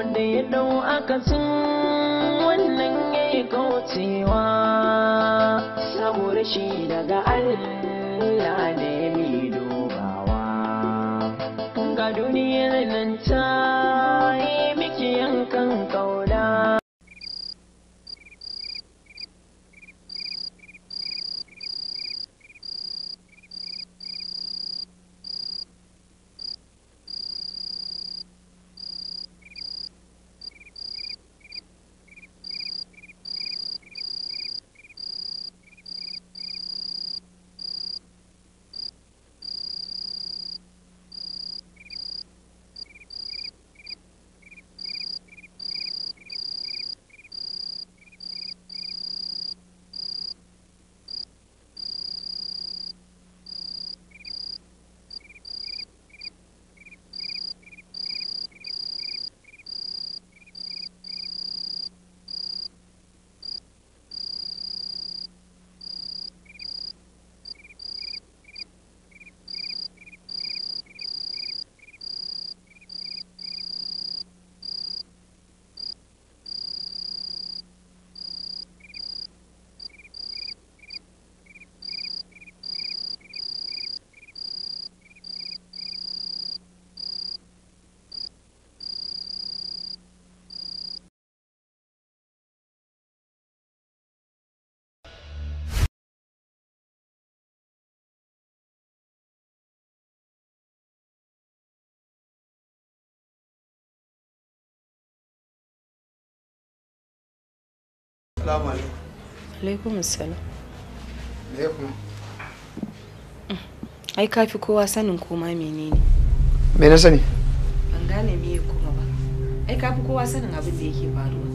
wanda ya dau akasin wannan ya yi kaucewa saboda shi daga Allah ne mai dubawa ga duniyar nan ta Salamu alaikum. Alaikum salam. Me kuma? Ai kafi kowa sanin koma menene. Me na sani? Ban gane me kuma ba. Ai kafi kowa sanin abin da yake faruwa.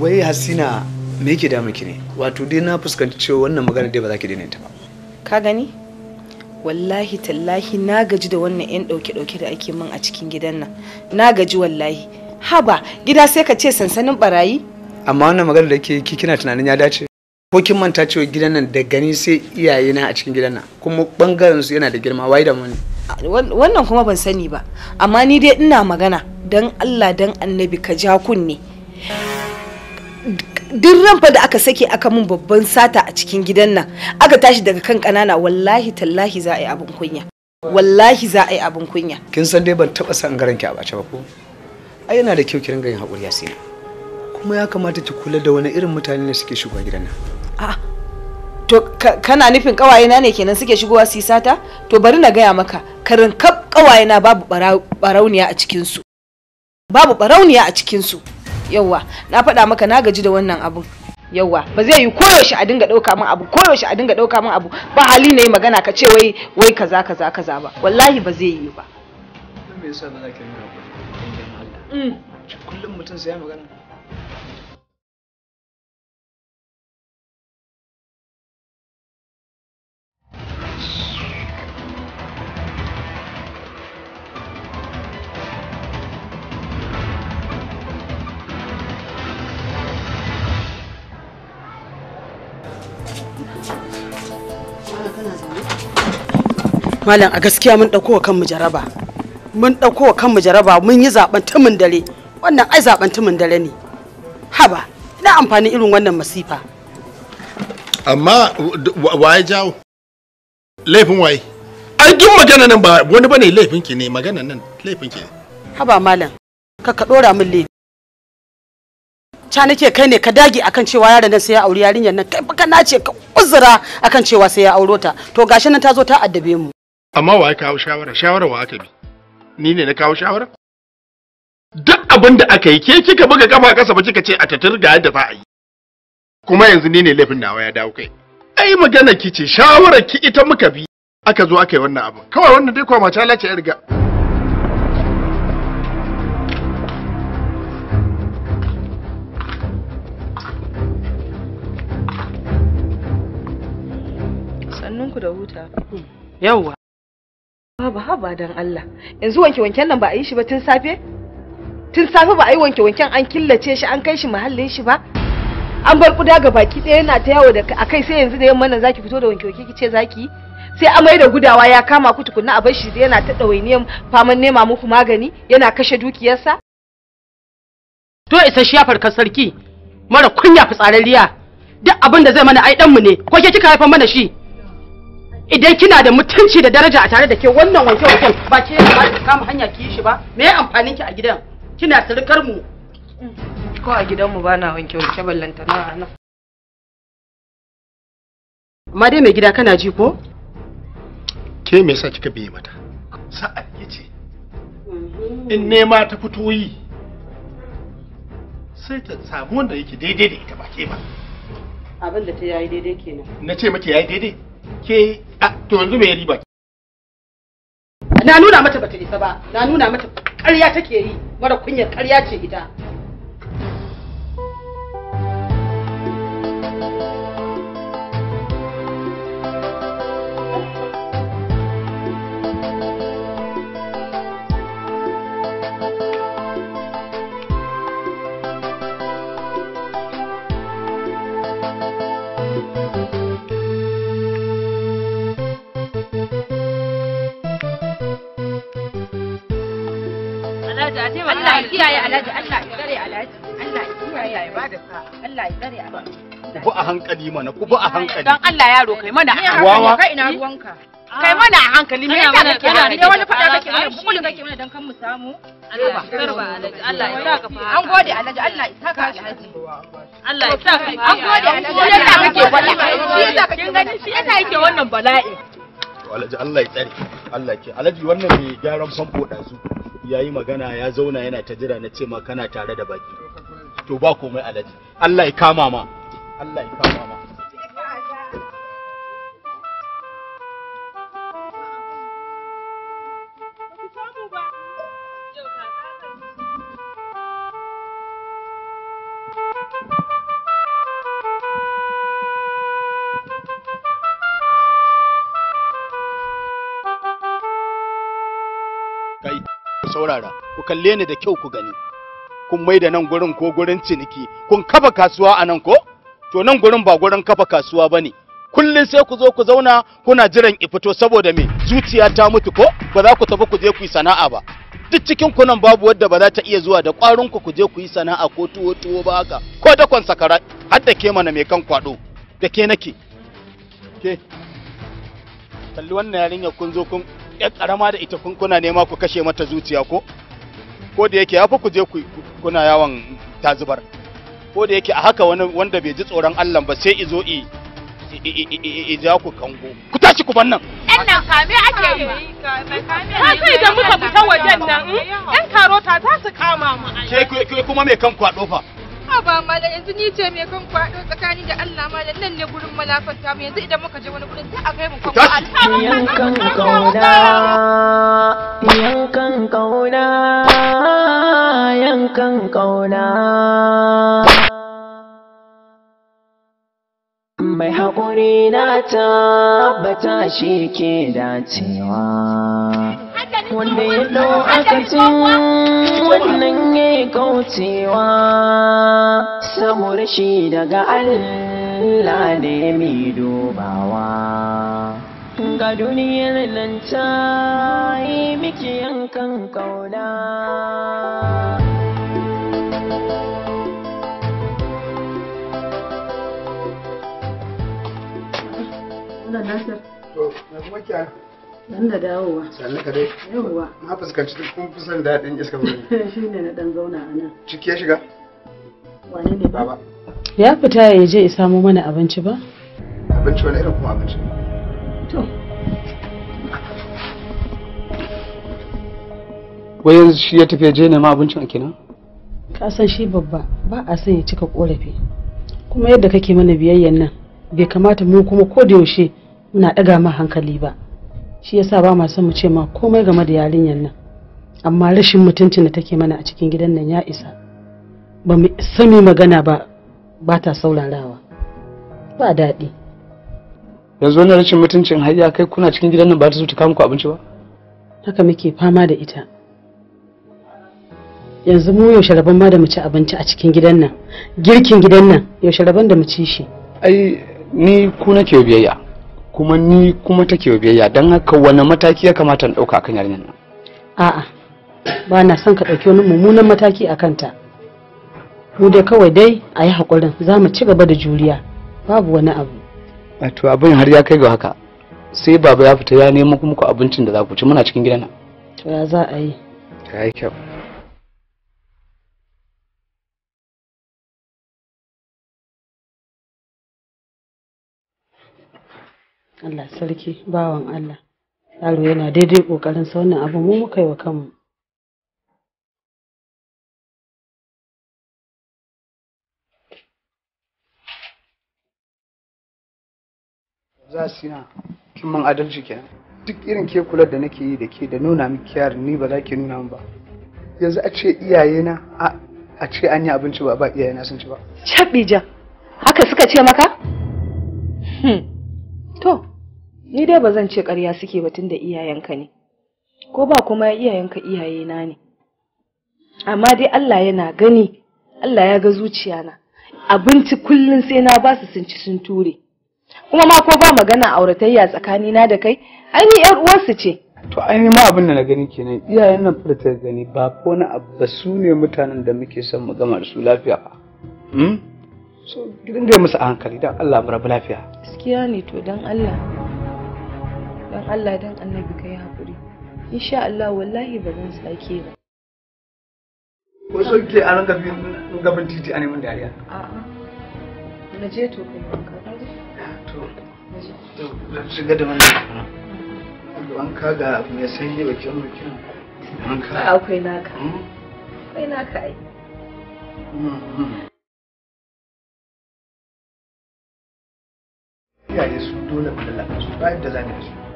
Wai Hasina me yake damu ki ne? Wato dai na fuskanci cewa wannan magana dai ba za ki daina ta ba. Ka gani? wallahi tallahi na gaji da wannan 'yan ɗauke-ɗauke da ake min a cikin gidan nan na gaji wallahi haba gida sai ka ce sansanin barayi amma wannan magana da ke kina tunanin ya dace ko kin manta cewa gidan nan da gani sai iyaye na a cikin gidan nan kuma bangaren su yana da girma wai da mun wannan kuma ban sani ba amma ni dai ina magana dan Allah dan annabi ka ja kunne duk ranfa da aka sake aka mun babban sata a cikin gidan nan aka tashi daga kan kanana wallahi tallahi za a yi abin kunya wallahi za a yi abin kunya kin san dai ban taba san garan ki a bace ba ko ai yana da kyau ki ringa yin hakuri ya sai kuma ya kamata ki kula da wani irin mutane ne suke shigowa gidan nan a'a to kana nufin kawaye na ne kenan suke shigowa su sata to bari na gaya maka karin kap kawaye na babu barauniya a cikin su babu barauniya a cikin su yawa na faɗa maka na gaji da wannan abun yawa ba zai yi koyaushe a dinga ɗauka min abu koyaushe a dinga ɗauka min abu ba hali ne magana ka ce wai wai kaza kaza kaza ba wallahi ba zai yi ba me yasa ba za ka mm. kullum mutum sai magana Malam a gaskiya mun dauko kan mu jaraba. Mun dauko kan mu jaraba mun yi zaben tumin dare. Wannan ai zaben tumin dare ne. Haba, ina amfani irin wannan masifa. Amma waye jawo? Laifin waye? Ai duk magana nan ba wani bane laifin ki ne magana nan laifin ki. Haba malam, ka ka dora min laifi. ca nake kai ne ka dage akan cewa yaron nan sai ya auri yarinyar nan kai baka nace ka uzura akan cewa sai ya auro ta to gashi nan ta zo ta addabe mu amma wa kawo shawara shawara wa aka bi ni ne na kawo shawara duk abin da aka yi ke kika buga kafa kasa ba kika ce a tatar ga yadda za a yi kuma yanzu ni ne laifin nawa ya dawo kai ai magana ki ce shawara ki ita muka bi aka zo aka yi wannan abin kawai wannan dai kwa mace lalace ya riga hannunku da huta yawwa babu haba dan Allah yanzu wanke wanken nan ba a yi shi ba tun safe tun safe ba a yi wanke wanken an killace shi an kai shi muhallin shi ba an bar kuda ga baki ɗaya yana ta yawo da akai sai yanzu da yamma nan zaki fito da wanke wanke ki ce zaki sai amai da gudawa ya kama ku tukunna a bar shi yana ta ɗawainiyar faman nema muku magani yana kashe dukiyarsa to isa shi ya farka sarki mara kunya fitsararriya duk abin da zai mana ai danmu ne ko ke kika haifar mana shi idan kina da mutunci da daraja a tare da ke wannan wanke wanken ba ke ya ba kama hanya ki yi shi ba me ya amfanin ki a gidan kina sirkar mu ko a gidan mu bana wanke wanke ballanta na ana amma dai mai gida kana ji ko ke me yasa kika biye mata sa'a ce, in nema ta fito yi sai ta samu wanda yake daidai da ita ba ke ba abin da ta yayi daidai kenan na ce maki yayi daidai ke to yanzu me riba na nuna mata bata isa ba na nuna mata ƙarya take yi mara kunyar ƙarya ce ita Allah Alhaji Allah ya tsare Allah ya Alhaji ku a hankali mana ku a hankali don Allah yaro kai mana a hankali. ina ruwanka kai mana a hankali me yasa kake haka wani fada kake mana bukulin kake mana dan kan mu samu Allah karba Alhaji Allah ya saka fa an gode Allah ya saka Alhaji Allah ya saka an gode Alhaji Allah kake wannan shi yasa kake gani shi yasa yake wannan bala'i Alhaji Allah ya tsare Allah ke Alhaji wannan ne gyaran famfo su ya yi magana ya zauna yana ta jira na ce ma kana tare da baki to ba komai alaji Allah ya kama ma Allah ya kama ku kalle ni da kyau ku gani kun mai nan gurin ko gurin ciniki kun kafa kasuwa a nan ko to nan gurin ba gurin kafa kasuwa ba ne kullum sai ku zo ku zauna kuna jiran fito saboda me zuciya ta mutu ko ba za ku tafi ku je ku yi sana'a ba duk cikin ku nan babu wadda ba za ta iya zuwa da ƙwarin ku ku je ku yi sana'a ko tuwo tuwo ba haka ko da kon sakara har da ke mana mai kan kwado da ke nake ke kalli wannan yarinya kun zo kun ƙarama da ita kun kuna nema ku kashe mata zuciya ko ko da yake ya fi ku je kuna yawon tazubar ko da yake a haka wani wanda bai ji tsoron Allah ba sai izo i i ja ku kango ku tashi ku bannan ɗan nan kame ake yi ka sai da muka fita wajen nan ɗan hmm? karota za su kama mu ke kuma mai kanku a ɗofa ha ba da yanzu ni ce mai kan kwado tsakani da Allah ma da nan ne gurin malafanta mu yanzu idan muka je wani gurin sai a kai mu kan kwakwa yankan kauna yankan kauna yankan kauna mai haƙuri na tabbata shi ke dacewa wanda ya dau akacin wannan ya kaucewa saboda shi daga Allah da mai dubawa ga duniyar nan ta yi miki yankan kauna Nasir. To, na kuma kyara. Dan da dawowa. Shi ya shiga? Ya fita ya je ya samo mana abinci ba? Abinci wani irin kuma abinci? To. Wai shi ya tafi je nema abincin a kenan? Ka san shi babba ba a son ya cika korafi. Kuma yadda kake mana biyayyan nan bai kamata mu kuma ko da yaushe muna ɗaga ma hankali ba. shi yasa ba ma son mu ce ma komai game da yarinyar nan amma rashin mutuncin da take mana a cikin gidan nan ya isa ba mu sami magana ba ba ta saurarawa ba daɗi yanzu wannan rashin mutuncin har ya kai kuna cikin gidan nan ba ta zo ta kawo muku abinci ba haka muke fama da ita yanzu mu yaushe rabon ma da mu ci abinci a cikin gidan nan girkin gidan nan yaushe rabon da mu ci shi ai ni ku nake biyayya kuma ni kuma take biyayya don haka wani mataki ya kamata in ɗauka kan yarinyar nan a'a ba na son ka ɗauki wani mummunan mataki a kanta mu dai kawai dai a yi haƙurin za mu ci gaba da juriya babu wani abu wato abin har ya kai ga haka sai baba ya fita ya nemo muku abincin da za ku ci muna cikin gidana. to ya za a yi kyau Allah sarki bawan Allah yaro yana daidai kokarin sa wannan abu mu muka yi wa kanmu za su yana kimman adalci kenan duk irin ke kula da nake yi da ke da nuna miki kiyar ni ba za ki nuna min ba yanzu a ce iyayena a ce an yi abinci ba ba iyayena sun ci ba shaɓija haka suka ce maka hmm. to ni dai ba zan ce ƙarya suke ba tunda iyayenka ne ko ba kuma iyayenka iyayena ne amma dai Allah yana gani Allah ya ga zuciyana abinci kullum sai na su sun ci sun ture kuma ma ko ba magana auratayya tsakanina da kai ai ni yar uwarsu ce to ai ma abin da na gani kenan iyayen nan furta gani ba ko na abba su ne mutanen da muke son mu gama da su lafiya ba hmm? so gidan da musu a hankali dan Allah mu rabu lafiya gaskiya ne to dan Allah don Allah don annabi kai yi haƙuri insha Allah wallahi ba zan sake ba ko so ke a ranka bin gaban titi a neman dariya a a na je to kai wanka to to shiga da wannan wanka ga abu mai sanyi ba kyan mutum wanka akwai naka hmm? akwai naka ai hmm, hmm. iyaye su dole mu lalaka su ba yadda za mu yi su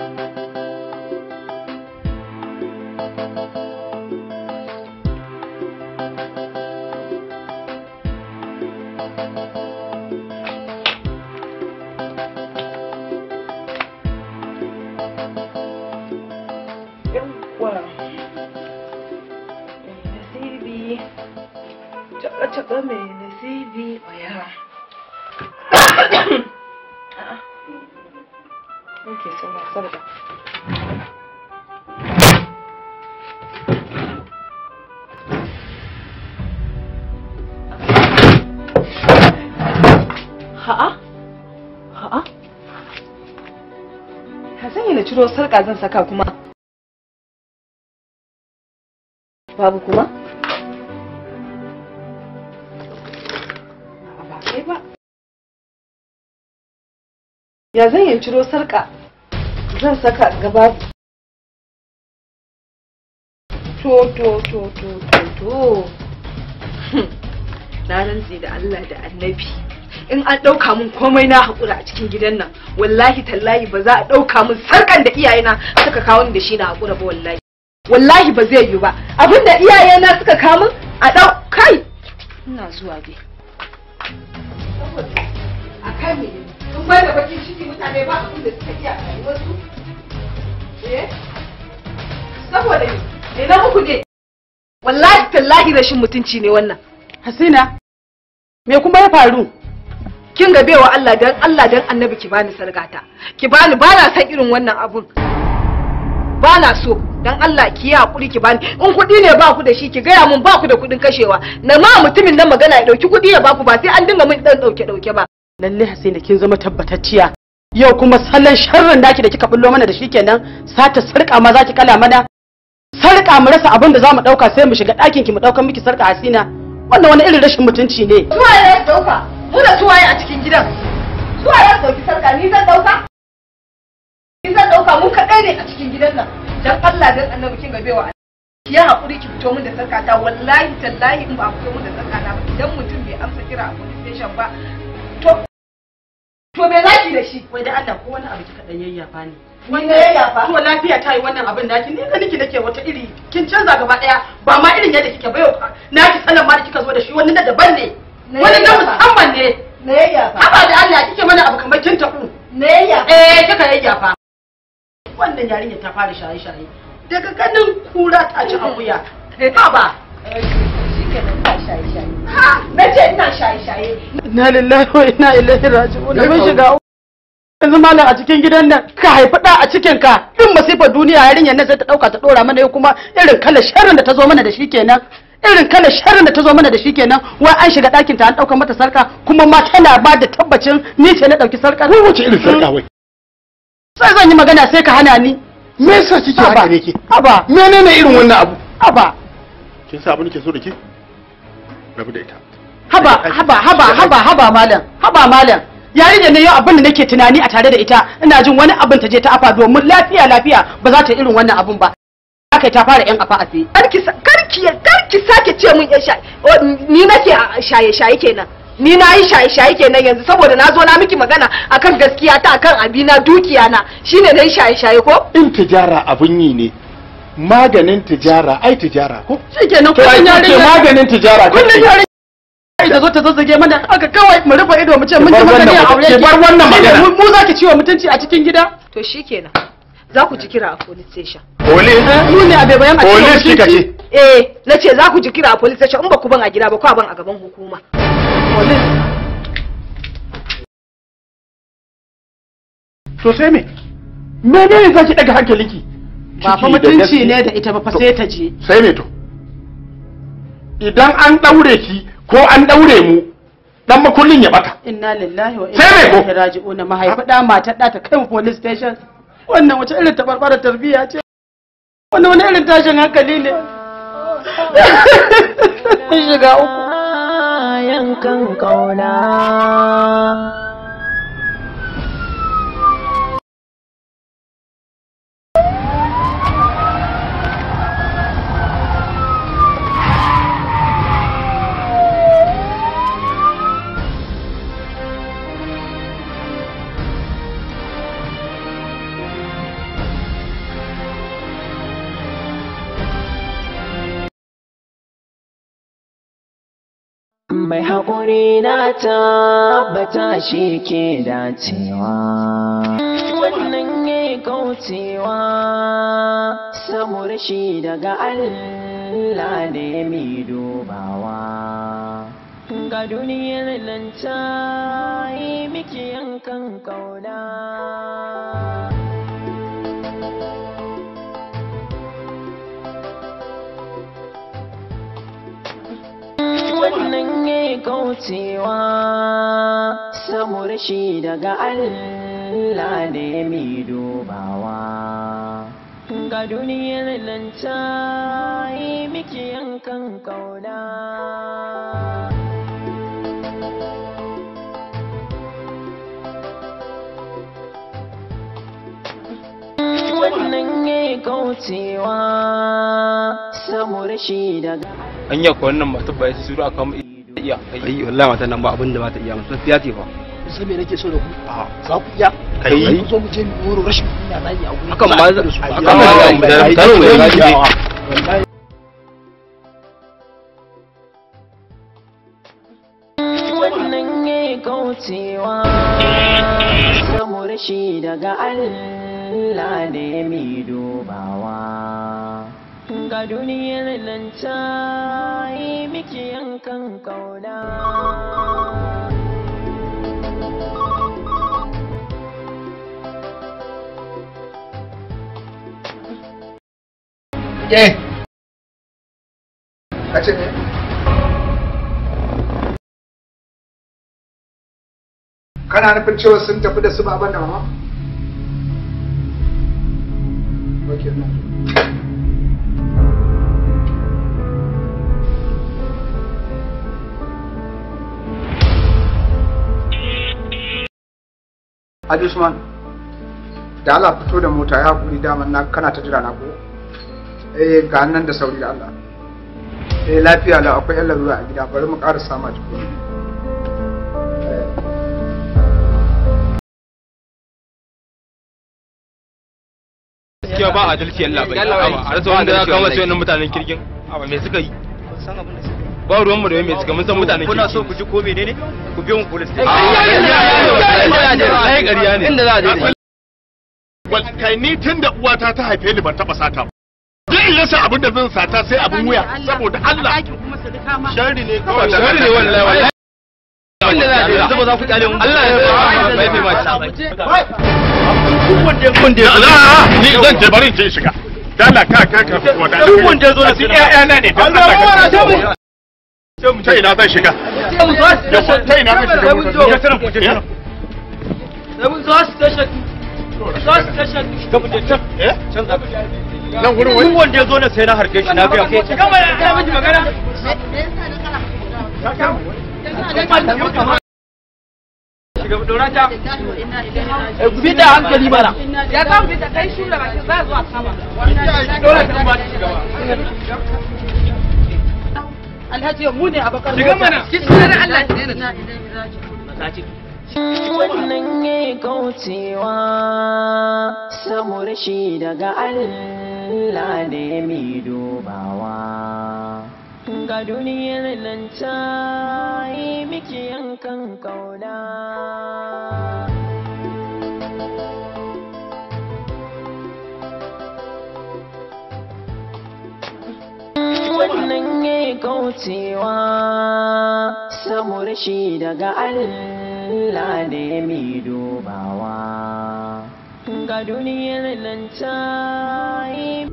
Thank you. zo sarka zan saka kuma babu kuma ya zan yi ciro sarka zan saka gaba to to to to to to na rantsi da Allah da annabi in an ɗauka mun komai na haƙura a cikin gidan nan wallahi tallahi ba za a ɗauka mun sarkan da iyayena suka kawo ni da shi na haƙura ba wallahi wallahi ba zai yiwu ba abin da iyayena suka kawo mun a ɗau kai ina zuwa dai a kai me sun bai da bakin ciki mutane ba abin da suka iya eh saboda ne na muku ne wallahi tallahi rashin mutunci ne wannan hasina me kuma ya faru kin ga bewa Allah dan Allah dan annabi ki bani sargata ki bani ba na san irin wannan abun ba na so dan Allah ki yi hakuri ki bani in kuɗi ne ba ku da shi ki gaya mun ba ku da kuɗin kashewa na ma mutumin nan magana ya dauki kuɗi ya ba ku ba sai an dinga mun dan ɗauke dauke ba lalle da kin zama tabbatacciya yau kuma salon sharrin daki da kika bullo mana da shi kenan sata sarƙa ma za ki kala mana sarka mu rasa abin da za mu ɗauka sai mu shiga ɗakin ki mu ɗaukan miki sarka asina. wannan wani irin rashin mutunci ne. Zuwa ya dauka mu da suwaye a cikin gidan suwaye ya su ɗauki sarka ni zan ɗauka ni zan ɗauka mun kaɗai ne a cikin gidan nan dan Allah dan annabi kin gabe wa ki yi hakuri ki fito min da sarka ta wallahi tallahi in ba fito min da sarka na ba idan mutum bai amsa kira a police station ba to To me ki da shi? Wai da Allah ko wani abu kika dan yayyafa ne. Wanda yayyafa? To lafiya ta yi wannan abin naki ni da niki nake wata iri kin canza gaba daya ba ma irin yadda kike bayo naki sanan ma da kika zo da shi wannan da daban ne. wani dan musamman ne na yayyafa haba da Allah kike mana abu kamar kin tafu na yayyafa eh kika yayyafa wannan yarinya ta fara shaye shaye daga ganin kura ta ci akuya haba na ce ina shaye-shaye. Na lillahi wa ina ilaihi raji'un. Da mun shiga yanzu malam a cikin gidan nan ka haifi ɗa a cikin ka din masifar duniya yarinyar nan sai ta ɗauka ta ɗora mana kuma irin kalar sharrin da ta zo mana da shi kenan. irin kala sharrin da ta zo mana da shi kenan wai an shiga ɗakin ta an ɗaukar mata sarka kuma ma tana ba da tabbacin ni ce na ɗauki sarka wai wace irin sarka wai sai zan yi magana sai ka hana ni me yasa kike haka ne ke aba menene irin wannan abu aba kin sa abin ke so da ke rabu da ita haba haba haba haba haba malam haba malam da ne yau abin da nake tunani a tare da ita ina jin wani abin ta je ta afa domin lafiya lafiya ba za ta irin wannan abin ba aka ta fara yan afa afi karki karki karki sake ce mun yan shaye ni nake shaye shaye kenan ni na yi shaye shaye kenan yanzu saboda na zo na miki magana akan gaskiya ta akan abina dukiya na shine na yi shaye shaye ko in tijara abun yi ne maganin tijara ai tijara ko shikenan ya ce maganin tijara kullun yare ta zo ta zazzage mana aka kawai mu rufe ido mu ce mun ji magana a aure ki bar wannan magana mu za ki ciwo mutunci a cikin gida to shikenan za ku ji kira a police station police su ne a bebayan a police kika ce eh na ce za ku ji kira a police station in ba ku ban a gida ba a ban a gaban hukuma police to sai me za ki daga ki ba fa mutunci ne da ita ba fa sai ta je sai me to idan an daure ki ko an daure mu dan makullin ya bata inna lillahi wa inna ilaihi raji'un mahaifa da mata da ta kai mu police station wannan wace irin tabarbara tarbiyya ce wannan wani irin tashin hankali ne shiga uku yankan kauna mai haƙuri na tabbata shi ke dacewa wannan ya kaucewa saboda shi daga Allah ne mai dubawa ga duniyar nan ta yi miki yankan kauna ke kaucewa shi daga Allah ne dubawa ga duniyar nan miki yankan kauna wannan ya kaucewa ya suru a kama ta iya kai yi wallahi wata nan ba abin da ba ta iya musu siya ce fa sai me nake so da ku za ku iya kai yi zo mu je mu wuro rashin kunya na yi a ba za su hakan ba za mu da tare mu da wannan ya kaucewa samu rashi daga Allah ne mi dubawa ga duniyar nan ta yi miki yankan kauna kana nufin cewa sun tafi da su baban da mama? Haji Usman da Allah fito da mota ya hakuri dama na kana ta jira na ko eh ga nan da sauri da Allah eh lafiya la akwai yan larura a gida bari mu ƙara sama jiki gaskiya ba adalci Allah bai a rasa wanda kawo wannan mutanen kirgin abu me suka yi san abin da ba ruwanmu da mai suka mun san mutanen kuna so ku ji ko menene ku biyo mu ne inda za a je kai ni tun da uwata ta haife ni ban taba sata ba duk in rasa abin da zan sata sai abin wuya saboda Allah sharri ne kawai sharri ne wallahi wallahi Allah ya ta wanda ta ina zan shiga na shiga alhaji mu ne a bakar shiga mana ki sanar Allah ki daina masaji wannan ya yi kaucewa saboda shi daga Allah da ya mi dubawa ga duniyar nan ta yi miki yankan kauna wannan ya yi kaucewa saboda shi daga Allah da ya mai dubawa ga duniyar nan ta yi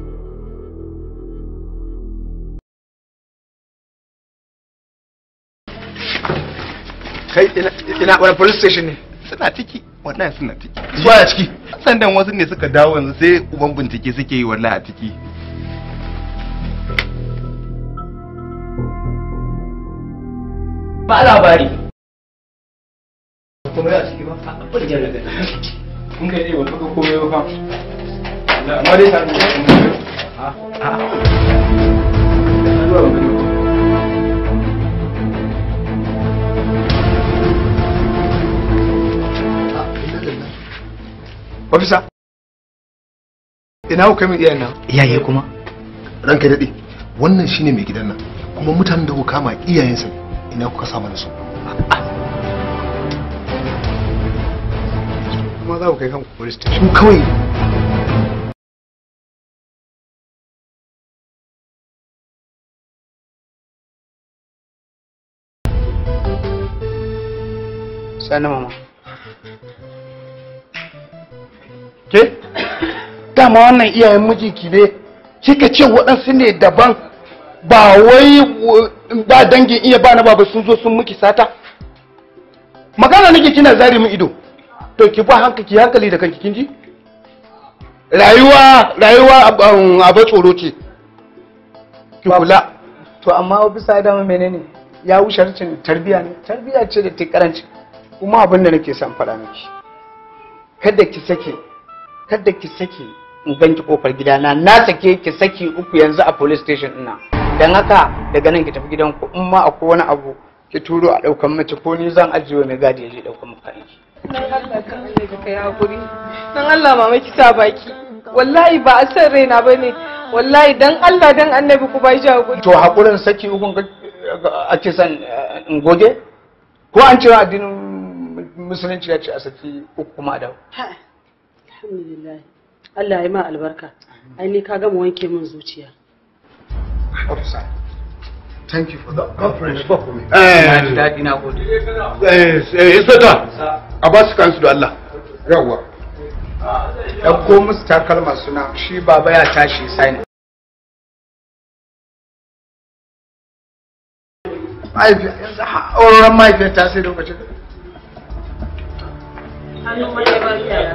kai ina wani police station ne suna ciki wannan suna ciki zuwa ciki sandan wasu ne suka dawo yanzu sai uban bincike suke yi wallahi a ciki ba labari kuma ya ciki ba a abin da daga kun kai ɗaya ba ga komai ba fa amma dai sa'adu ya kuma ha ha Ofisa, ina kuka min iyayen nan? Iyaye kuma? Ranka daɗe, wannan shine mai gidan nan, kuma mutanen da ku kama iyayensa ina kuka sa da su kuma za ku kai kanku police station kawai sani mama ke dama wannan iyayen mijinki ne kika ce waɗansu ne daban ba wai da dangin iya bana baba sun zo sun miki sata magana nake kina zari mu ido to ki ba hankali hankali da kanki kinji rayuwa rayuwa um, abu tsoro ce ki kula to amma bisa dama menene ya wuce tarbiya ne tarbiya ce da ta karanci kuma abin da nake son fara miki kada ki sake kada ki sake in ganki kofar gidana na sake ki saki uku yanzu a police station ina dan haka daga nan ki tafi gidan ku in ma akwai wani abu ki turo a daukan mace ko ni zan ajiye mai gadi ya je daukan maka aiki dan Allah ka Allah ka kai hakuri dan Allah mama ki sa baki wallahi ba a san raina bane wallahi dan Allah dan annabi ku bai hakuri to hakurin saki ukun ake san eh, in goge ko an ce addinin musulunci ya ce a saki uku kuma a dawo alhamdulillah Allah ya ma albarka ai ni ka gama wanke min zuciya offside. Thank you for the God bless you. Eh, daɗi na gode. Eh, eh, a ba su Allah. Yawwa. Ɗauko musu takalma suna shi baba ya tashi sani. sai lokacin ba ya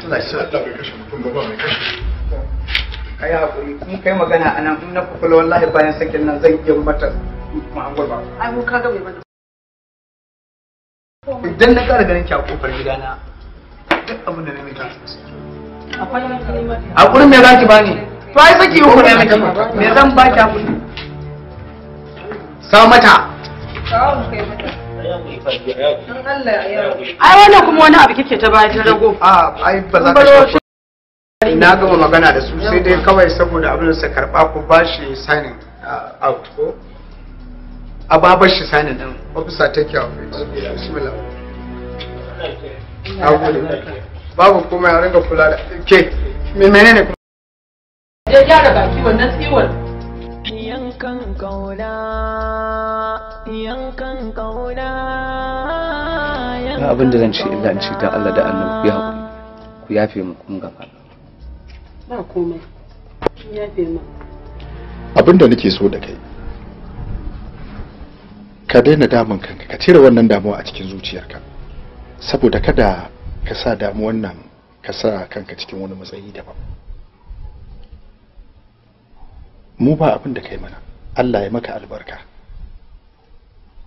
Allah ya sa ta kashe mutum mai kashe kai hakuri kun kai magana anan in na kukula, wallahi bayan sakin nan zan iya mata ba ai mun kaga bai idan na ƙara ganin ki a kofar duk abin da na mai tasu a me za ki bani to ai saki yi kuma me zan ba ki hakuri sa mata ai wannan kuma wani abu kike ta bayan rago a ai ba za ka na gama magana da su sai dai kawai saboda abin sa karba ku ba shi signing uh, out ko a ba ba shi signing din care of it bismillah babu kuma ya ringa kula da ke menene kuma ya gyara baki wannan tsiwon yankan kauna yankan kauna abin da zan ce illa in ce dan Allah da annabi ku yafe mu kun gaba ba komai ya fi nake so da kai ka daina damun kanka ka cire wannan damuwa a cikin zuciyarka saboda kada ka sa damuwan nan ka sa kanka cikin wani matsayi daban mu ba abin da kai mana Allah ya maka albarka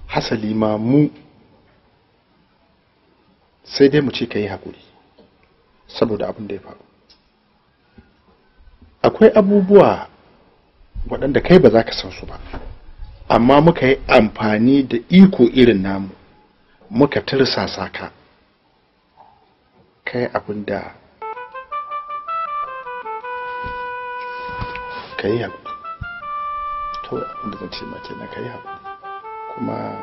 hasali ma mu sai dai mu ce ka yi hakuri saboda abin da ya faru akwai abubuwa waɗanda kai ba za ka san su ba amma muka yi amfani da iko irin namu muka tirsasa ka kai abin da ka yi haƙuri to abin da zan ce maka na ka yi haƙuri kuma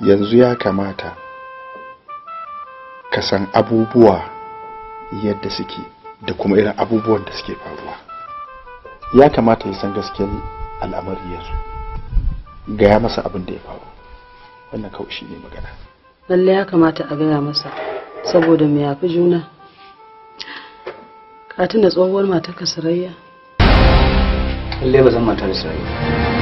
yanzu ya kamata ka san abubuwa yadda suke da kuma irin abubuwan da suke faruwa ya kamata ya san gaskiyar al'amari yanzu gaya masa abin da ya faru wannan kawai shi ne magana lalle ya kamata a gaya masa saboda mu yafi juna ka tuna tsohuwar matar ka sarayya lalle ba zan matar da sarayya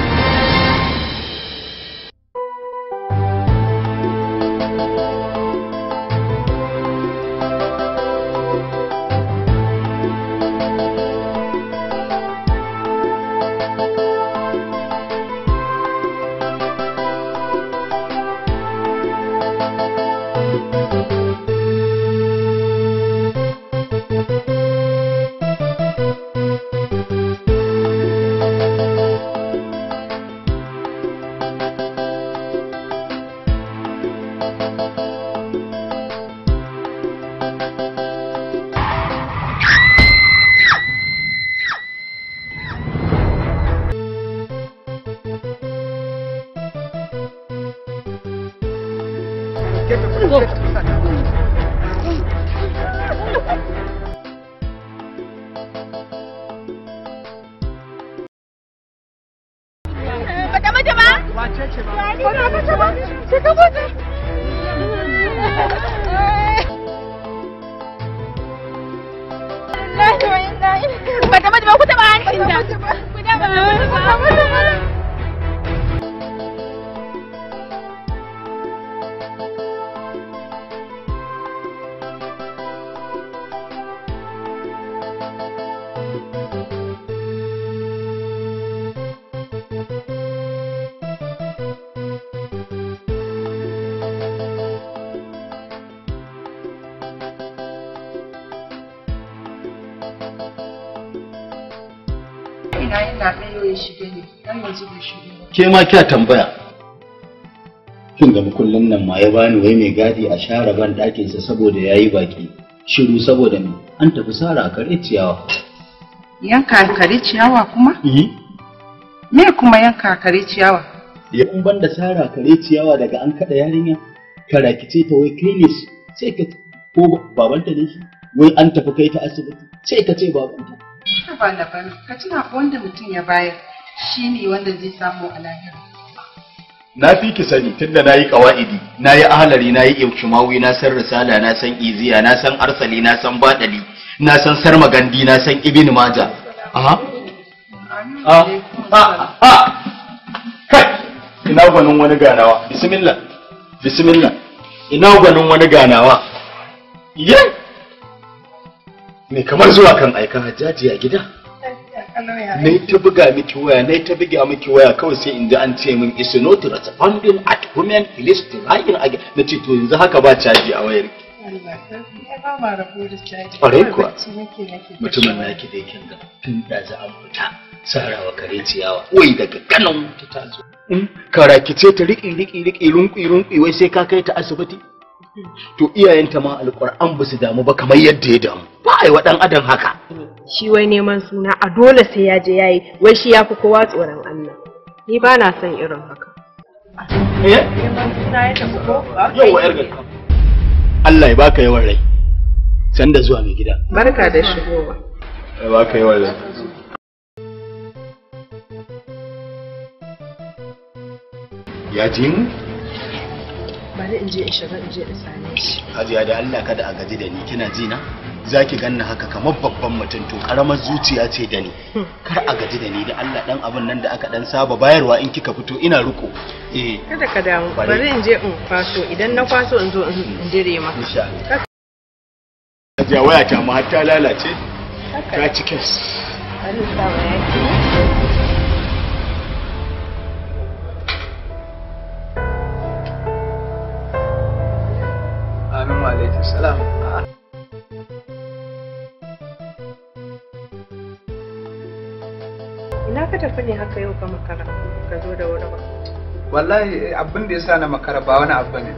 这什么东 ke ma kya tambaya kin ga mukullin nan ma ya bani wai mai gadi a share ban sa saboda ya yi baki shiru saboda me an tafi sara kare ciyawa yanka kare ciyawa kuma eh. me kuma yanka kare ciyawa ya kun banda sara kare ciyawa daga an kada yarinya ce ta wai kai ne sai ka ko babanta ne wai an tafi kai ta asibiti sai ka ce babanta ba na ka tuna wanda mutum ya bayar shi ne wanda zai samu a lahira na fi ki sani tunda na yi ƙawa'idi na yi ahalari na yi ikimawi na san risala na san iziya na san arsali na san baɗali na san sarmagandi na san ibn maja aha a ah, a ah, ah. kai ina gwanin wani ganawa bismillah bismillah ina gwanin wani ganawa ye me kamar zuwa kan aikan hajjaji a gida ne ta buga miki waya ne ta buga miki waya kawai sai in ji an ce min is not responding at women please try again na ce to yanzu haka ba caji a wayar ki Ƙwarai mutumin na ki dai kin ga tun da za a fita sarawa kare ciyawa wai daga kanan ta tazo in hmm? karakice ta riƙi riƙi riƙi runƙi runƙi wai sai ka kai ta asibiti to iyayenta ma alƙur'an ba su damu ba kamar yadda ya damu ba a yi wa adam haka shi wai neman suna a dole sai ya je yayi wai shi ya fi kowa tsoron Allah ni ba na son irin haka eh tafi ko Allah ya baka yawan rai sanda zuwa mai gida barka da shigowa ya baka yawan rai ya ji mu bari in je in shiga in je in same shi hajiya da Allah kada a gaji da ni kina ji na zaki ganna haka kamar babban mutum to karamar zuciya ce da ni kar a gaji da ni da Allah dan abin nan da aka dan saba bayarwa in kika fito ina ruko eh kada ka damu bari in je in kwaso idan na kwaso in zo in dire maka insha Allah hajiya waya ta mu har ta lalace ta cikin Allah ya salam ina ka tafi ne haka yau ka makara ka zo da wuri ba wallahi abin da ya sa na makara ba wani abu ne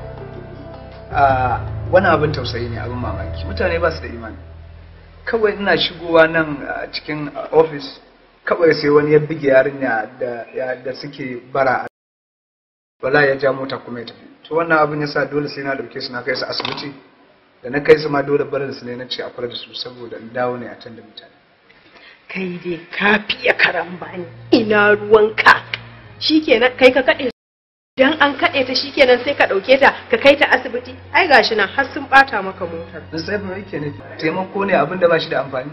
wani abin tausayi ne abin mamaki mutane ba su da imani kawai ina shigowa nan cikin ofis kawai sai wani ya bige yarinya da suke bara wallahi ya ja mota kuma ya tafi to wannan abin ya sa dole sai na dauke su na kai su asibiti da na kai zama dole barin su ne na ce a kula da su saboda in dawo ne a can da mutane kai dai ka fiye ba ne ina ruwanka kenan kai ka kaɗe Idan an kaɗe ta shi kenan, sai ka ɗauke ta ka kai ta asibiti ai gashi nan har sun ɓata maka motar da sai ba yake ne taimako ne abin da ba shi da amfani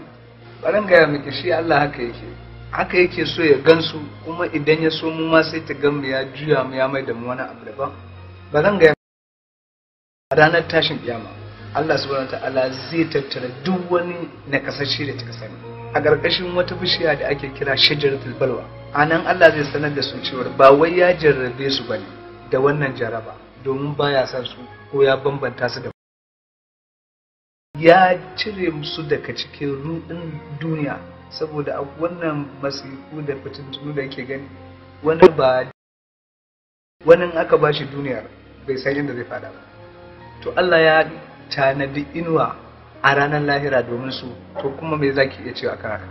baran gaya miki shi Allah haka yake haka yake so ya gansu kuma idan ya so mu ma sai ta gan mu ya juya mu ya mai da mu wani abu daban zan gaya a ranar tashin kiyama Allah subhanahu ta'ala zai tattara duk wani nakasashe da ta sani a ƙarƙashin wata bishiya da ake kira shajaratul balwa a nan Allah zai sanar da su cewa ba wai ya jarrabe su bane da wannan jaraba domin baya san su ko ya bambanta su da ya cire musu daga cikin ruɗin duniya saboda wannan masifu da fitintunu da ke gani wani ba wani aka ba shi duniyar bai san yadda zai fada ba to Allah ya tanadi inuwa a ranar lahira domin su to kuma me zaki iya cewa kan haka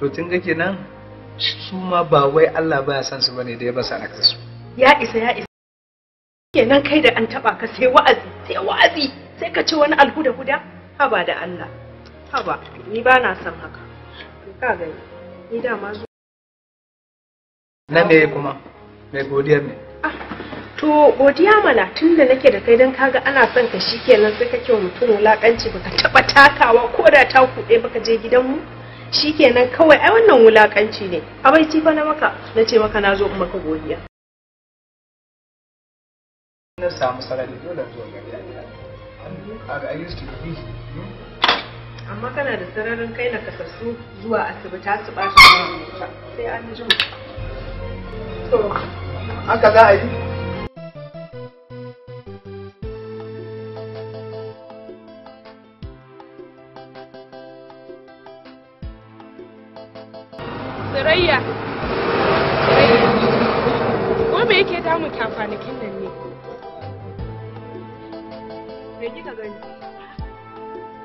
to tun ga kenan su ma ba wai Allah baya san su bane da ya basa naka su ya isa ya isa kenan kai da an taba ka sai wa'azi sai wa'azi sai ka ce wani alhuda huda haba da Allah haba ni ba na san haka to ka ga ni da ma zo na me kuma mai godiyar ne to godiya mana tun da nake da kai don kaga ana son ka shi kenan sai kake wa mutum wulakanci baka taɓa takawa ko da ta kuɗe baka je gidanmu shi kenan kawai ai wannan wulaƙanci ne abaici fa na maka na ce maka na zo in maka godiya na samu sarari dole zuwa gari a I used to be amma kana da sararin kai na kasassu zuwa asibita su ba shi sai an jin to haka za a yi Ayya. Ko me yake damun ki a kwanakin nan ne? Me kika gani?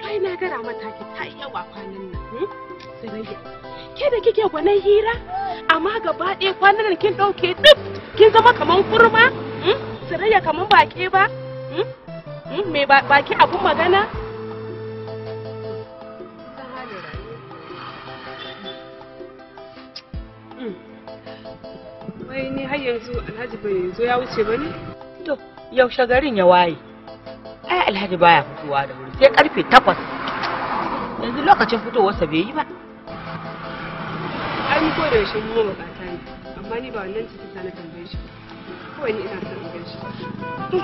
Kai na gara mata ki ta yawa kwanan nan. Sarayya. Hmm? Ke da kike gwanin hira? Amma gaba ɗaya kwanan nan kin ɗauke duk kin zama kaman kurma? Sarayya hmm? kaman baƙe ba? Hmm? Me baƙi abun magana? ni har yanzu alhaji bai zo ya wuce ba ne? To, yaushe garin ya waye. Ai alhaji baya fitowa da wuri sai karfe takwas. Yanzu lokacin fitowarsa bai yi ba. Ai ko da yaushe mu bukata ne, amma ni ba wannan cikin sa na tambaye shi. Kawai ni ina son in shi.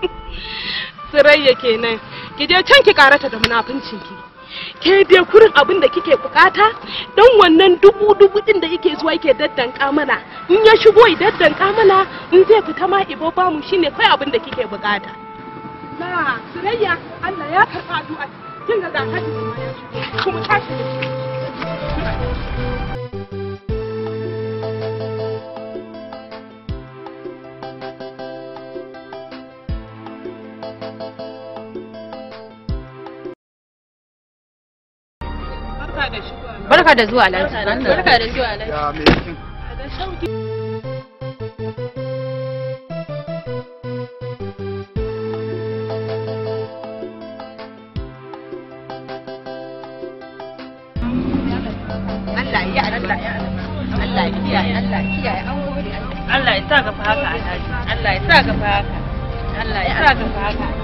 Sirayya kenan. Ki je can ki karata da munafincinki. ki. ke dai kurin abin da kike bukata dan wannan dubu dubu din da yake zuwa yake daddan kamana in ya shigo yi daddan mana in zai fita ma ibo ba mu shine kai abin da kike bukata na surayya Allah ya karba addu'a kin ga ga kaji kuma tashi barka da zuwa alhaji barka da zuwa Allah ya haka Allah ya sa gafa haka Allah ya sa gafa haka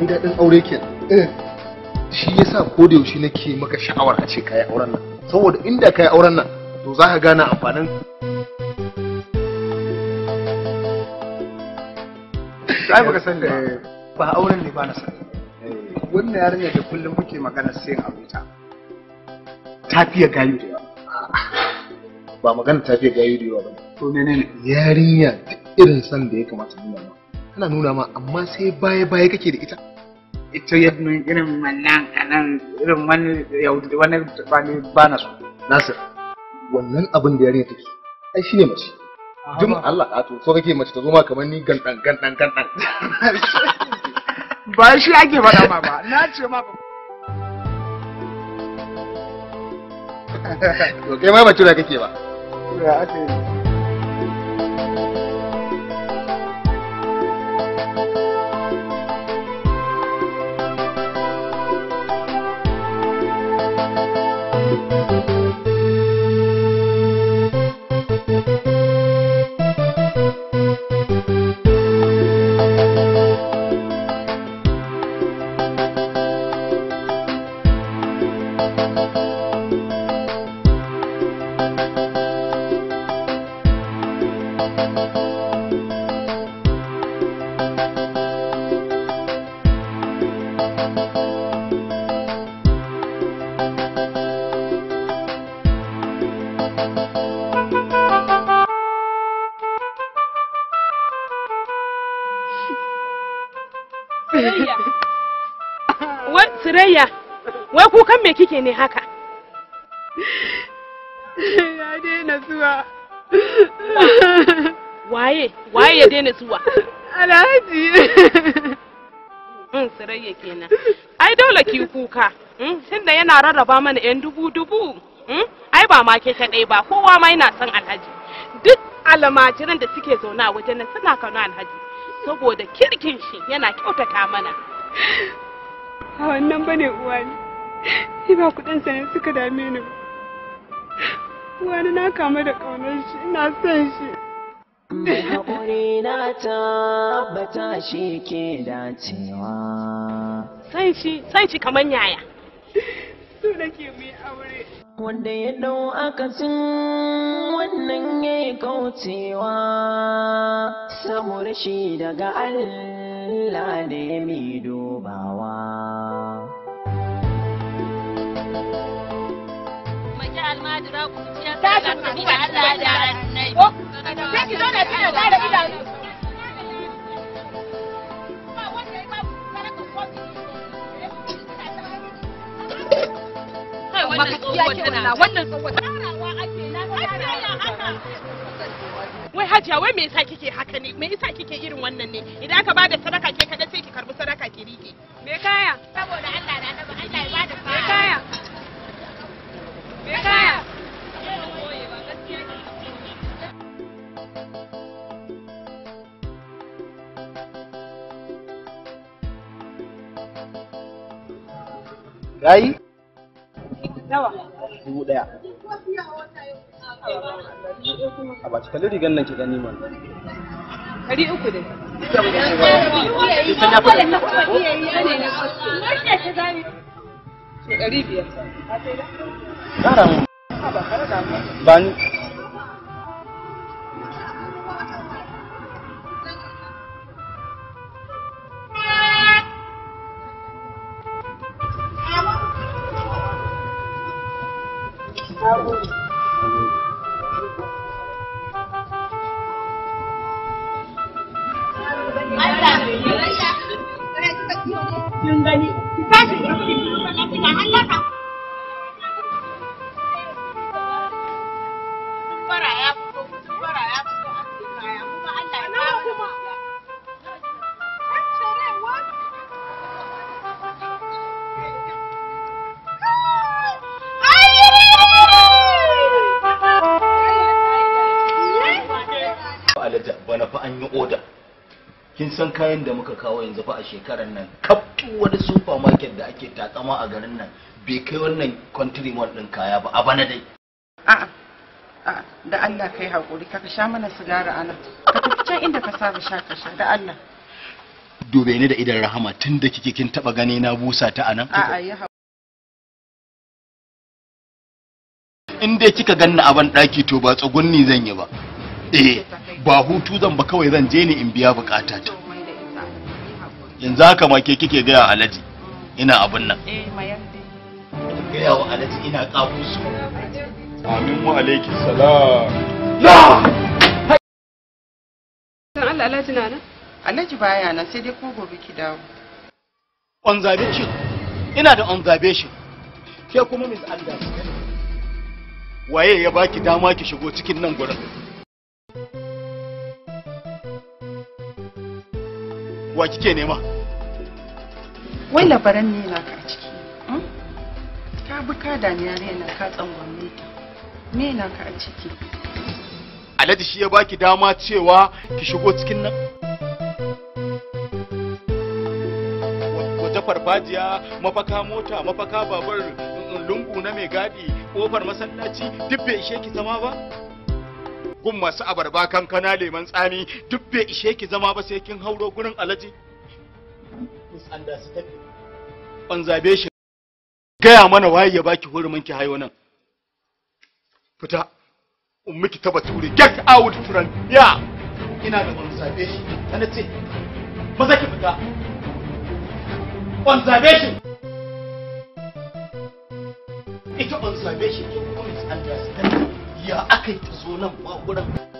an daɗin aure ke eh. shi sa ko da yaushe nake maka sha'awar a ce kayi auren nan saboda inda ka yi auren nan to za ka gane amfanin ai baka san da eh. ba auren ne ba na sani eh. wannan yarinya da kullum muke magana sayan abuta ta fiye gayu da yawa ah. ba magana ta fiye gayu da yawa ba to menene yarinya irin san da ya kamata mu. tana nuna ma amma sai baya baya kake da ita ita yadda irin wannan anan irin wani yaudi wani bani bana so nasir wannan abin da ya yarinya take ai ne mace jin Allah a to so kake mace ta zo ma kamar ni gandan gandan gandan ba shi ake faɗa ma ba na ce ma to kai ma ba tura kake ba ya ake kike ne haka ya daina zuwa waye waye ya daina zuwa alhaji Mun mm, sirayya kenan ai dole ki kuka mm, tunda yana rarraba mana yan dubu dubu mm, ai ba ma ke kadai ba kowa ma yana son alhaji duk almajiran da suke zauna a wajen nan suna kano alhaji saboda kirkin shi yana kyautata mana a wannan bane uwani Ni ba kuɗin sa suka dame ni ba. Wani na kama da ƙaunar shi, ina son shi. Mai haƙuri na tabbata shi ke dacewa. San shi, san shi kamar yaya. Su da ke mu aure. Wanda ya ɗau akasin wannan ya yi kaucewa, saboda shi daga Allah da ya mi dubawa. wai hajiya wai me yasa kike haka ne me yasa kike irin wannan ne idan aka bada sadaka ke kada sai ki karbi sadaka ki rike me kaya saboda Allah da annabi Allah ya bada me kaya me kaya yayi dubu daya a ba cikin rigar nan ki gani man Kari uku ne ɗari biyar ba ni Kin gani, ki tashi kusan kayan da muka kawo yanzu fa a shekarar nan kaftu wani supermarket da ake takama a garin nan bai kai wannan country mall din kaya ba a bana dai a'a da Allah kai hakuri ka sha mana sigara ana ka tafi can inda ka saba sha ka sha da Allah dube ni da idan rahama tun da kike kin taba gani na busa ta anan a'a ya in dai kika ganna a ban daki to ba tsugunni zan yi ba eh ba hutu zan ba kawai zan je ne in biya bukata ta in za ka make kike gaya alaji ina abin nan eh, gaya wa alaji ina kafusu amin wa alaiki salam la san Allah alaji na nan alaji baya nan sai dai ko gobe ki dawo observation ina da shi. ke kuma Miss misunderstanding waye ya baki dama ki shigo cikin nan gurin wa kike nema wai labaran ne na ka ciki hmm? ka bi ka da ni yare na ka tsangwamme ta me na ka a ciki alhaji shi ya baki dama cewa ki shigo cikin nan Wata farfajiya mafaka mota mafaka babur lungu na mai gadi kofar masallaci duk bai ishe ki zama ba gun masu abarba kankana leman tsami duk bai ishe ki zama ba sai kin hauro gurin alaji an zabe shi gaya mana waye ya baki hurumin ki hayo nan fita ummiki ta bature get out from here ina da ban zabe shi ta ce maza ki fita on zabe shi ita on zabe shi to come and understand ya aka yi ta zo nan ba